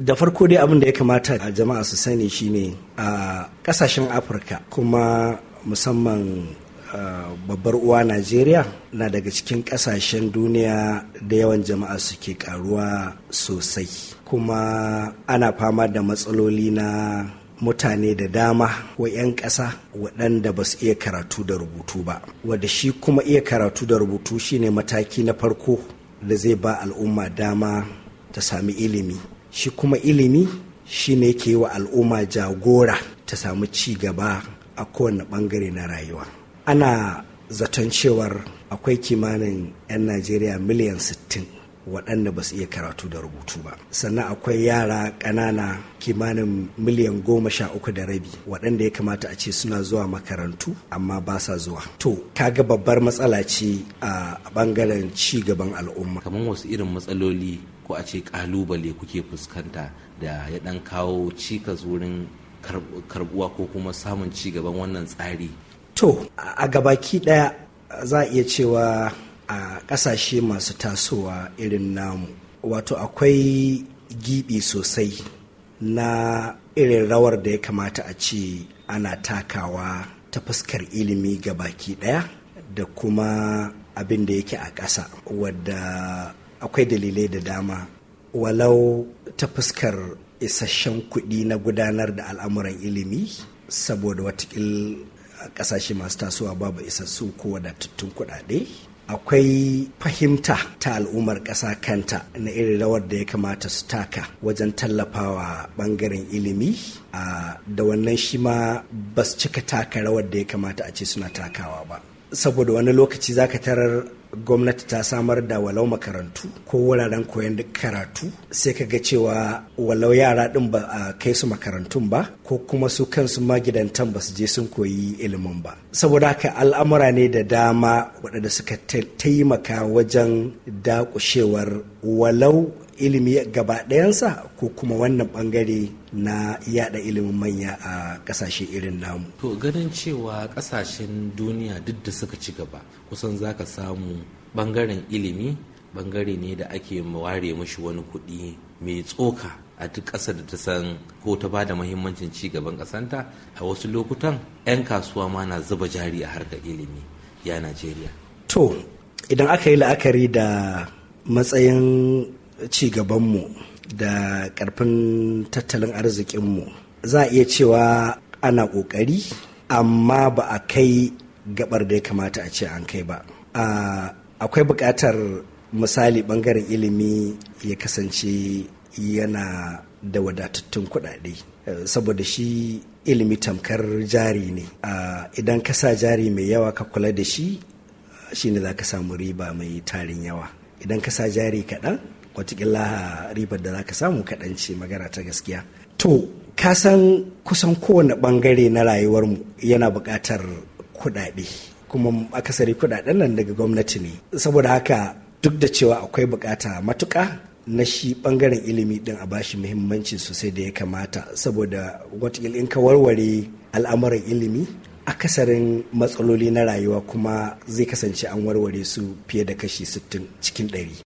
da farko dai abin da ya kamata a jama'a su sani shine a kasashen afirka kuma musamman babbar uwa najeriya na daga cikin kasashen duniya da yawan jama'a suke karuwa sosai kuma ana fama da matsaloli na mutane da dama wa 'yan ƙasa waɗanda ba su iya karatu da rubutu ba wadda shi kuma iya karatu da rubutu shine mataki na farko da zai ba al'umma dama ta sami ilimi shi kuma ilimi shi ne ke wa al'umma jagora ta samu ci gaba a kowane bangare na rayuwa ana zaton cewar akwai kimanin 'yan najeriya miliyan 60 waɗanda ba su iya karatu da rubutu ba sannan akwai yara ƙanana kimanin miliyan goma sha uku da rabi waɗanda ya kamata a ce suna zuwa makarantu amma ba sa zuwa to kaga babbar matsala ce a ɓangaren ci gaban al'umma kamar wasu irin matsaloli ko a ce ƙalubale kuke fuskanta da ya ɗan kawo cikas wurin karbuwa ko kuma samun ci gaban wannan tsari to a gabaki ɗaya za a iya cewa a ƙasashe masu tasowa irin namu wato akwai gibi sosai na irin rawar da ya kamata a ce ana takawa ta fuskar ilimi ga baki ɗaya da kuma abin da yake a ƙasa wadda akwai dalilai da dama walau ta fuskar isasshen kuɗi na gudanar da al'amuran ilimi saboda watakil ƙasashe masu tasowa babu isassu ko wadatattun kuɗaɗe akwai fahimta ta al'ummar ƙasa kanta na irin rawar da ya kamata su taka wajen tallafawa ɓangaren ilimi da wannan shi ma ba su cika taka rawar da ya kamata a ce suna takawa ba saboda wani lokaci zaka tarar gwamnati ta samar da walau makarantu ko wuraren koyon karatu sai ka ga cewa walau yara din ba a kai su makarantun ba ko kuma su kansu magidantan ba su je sun koyi ilimin ba saboda haka al'amura ne da dama waɗanda suka taimaka wajen dakushewar walau ilimi gaba ɗayansa ko kuma wannan ɓangare na yada ilimin manya a kasashe irin namu. To ganin cewa ƙasashen duniya duk da suka ci gaba kusan za ka samu bangaren ilimi bangare ne da ake ware mashi wani kuɗi mai tsoka a duk ƙasar da ta san ko ta ba da mahimmancin ci gaban ƙasanta a wasu lokutan 'yan kasuwa ma na zuba jari a harkar ilimi ya najeriya to idan aka yi la'akari da matsayin ci gabanmu da ƙarfin tattalin arzikinmu za a iya cewa ana ƙoƙari amma ba a kai gabar da ya kamata a ce an kai ba akwai buƙatar misali ɓangaren ilimi ya kasance yana da wadatattun kuɗaɗe saboda shi ilimi tamkar jari ne idan ka sa jari mai yawa ka kula da shi shine za ka samu riba mai tarin yawa idan ka sa jari kaɗan watakila ribar da za ka samu kaɗan ce magana ta gaskiya to kasan san kusan kowane ɓangare na rayuwarmu yana buƙatar kuɗaɗe kuma akasari kuɗaɗen nan daga gwamnati ne saboda haka duk da cewa akwai bukata matuka na shi bangaren ilimi din a bashi muhimmanci sosai da ya kamata saboda watakila in ka warware al'amuran ilimi akasarin matsaloli na rayuwa kuma zai kasance an warware su fiye da kashi 60 cikin ɗari.